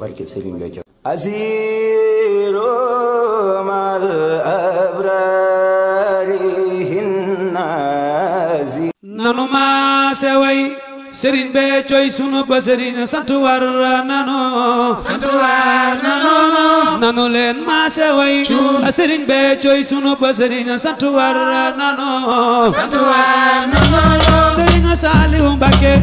barkeb Sëriñ Béthio asiiru mal abraari hinnaasi nanu maase way Sëriñ Béthio sunu ba sëriñ sant war nanu sant war nanu nanu leen maase way Sëriñ Béthio sunu ba sëriñ sant war nanu sant war nanu Falilu Mbàkke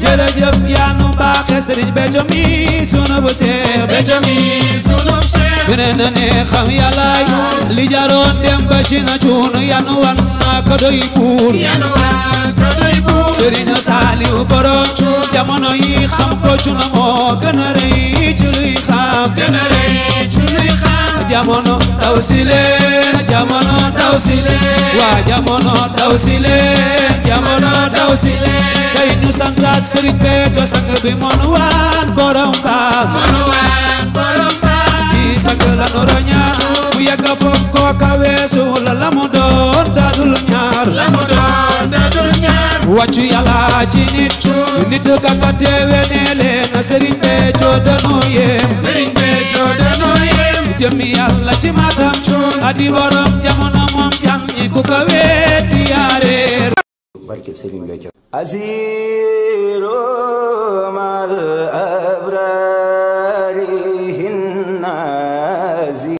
jërëjëf yaa nu baaxe Sëriñ Béthio mi sunu bu seex Béthio mi sunu bu seex beneen na ne xam yàlla li jaroon dem ba ci na cuun yanu wan na ko doy buur yanu wan ko doy buur Sëriñ Saaliw borom jamono yi xam ko cuuna moo gën a rëy ci luy xam jamono daw si leen jamono daw si leen waa jamono daw si leen jamono daw si leen tey ñu santaat sëriñ bee ko sang bi monu waan borom baam waan borom kii sang la nu roñaat mu yàgg foog koo kawe suul la mu doon daadul ñaar la mu doon daadul ñaar wàccu yàlla ci nit nit ka teewe nee leen sëriñ bee joo danu yem adi borom jamono moom jam ñi ku ko wéet di yaareer barkeb Serigne Béthio